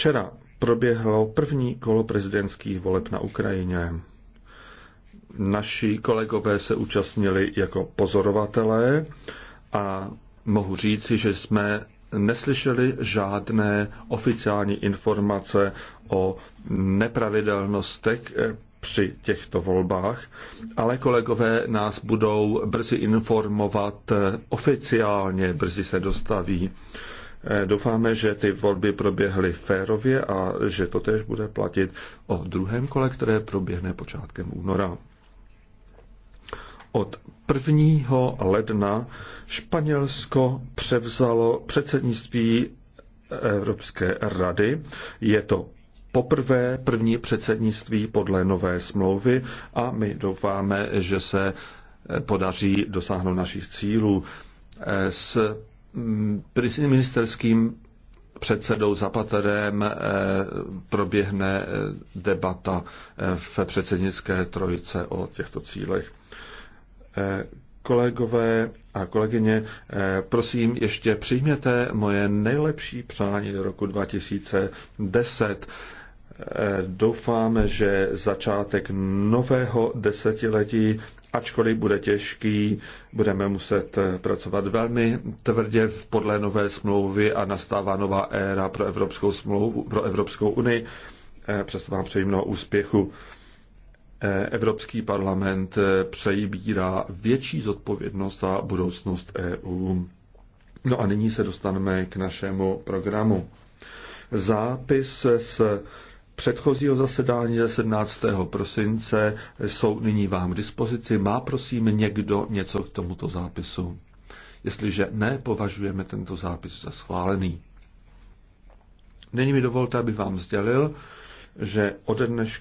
Včera proběhlo první kolo prezidentských voleb na Ukrajině. Naši kolegové se účastnili jako pozorovatelé a mohu říci, že jsme neslyšeli žádné oficiální informace o nepravidelnostech eh, při těchto volbách, ale kolegové nás budou brzy informovat eh, oficiálně, brzy se dostaví. Eh, doufáme, že ty volby proběhly férově a že to tež bude platit o druhém kole, které proběhne počátkem února. Od 1. ledna Španělsko převzalo předsednictví Evropské rady. Je to poprvé první předsednictví podle nové smlouvy a my doufáme, že se podaří dosáhnout našich cílů. Eh, s Mm, ministerským předsedou Zapaterem eh, proběhne eh, debata eh, v předsednické trojice o těchto cílech. Kolegové a kolegyně, prosím, ještě přijměte moje nejlepší přání do roku 2010. Eh, doufáme, že začátek nového desetiletí, ačkoliv bude těžký, budeme muset eh, pracovat velmi tvrdě podle nové smlouvy a nastává nová éra pro Evropskou, smlouvu, pro Evropskou unii. Eh, přesto vám přeji mnoho úspěchu. Evropský parlament přejíbírá větší zodpovědnost za budoucnost EU. No a nyní se dostaneme k našemu programu. Zápis se předchozího zasedání ze 17. prosince jsou nyní vám k dispozici. Má prosím někdo něco k tomuto zápisu? Jestliže ne, považujeme tento zápis za schválený. Nyní mi dovolte, abych vám sdělil, že od dneška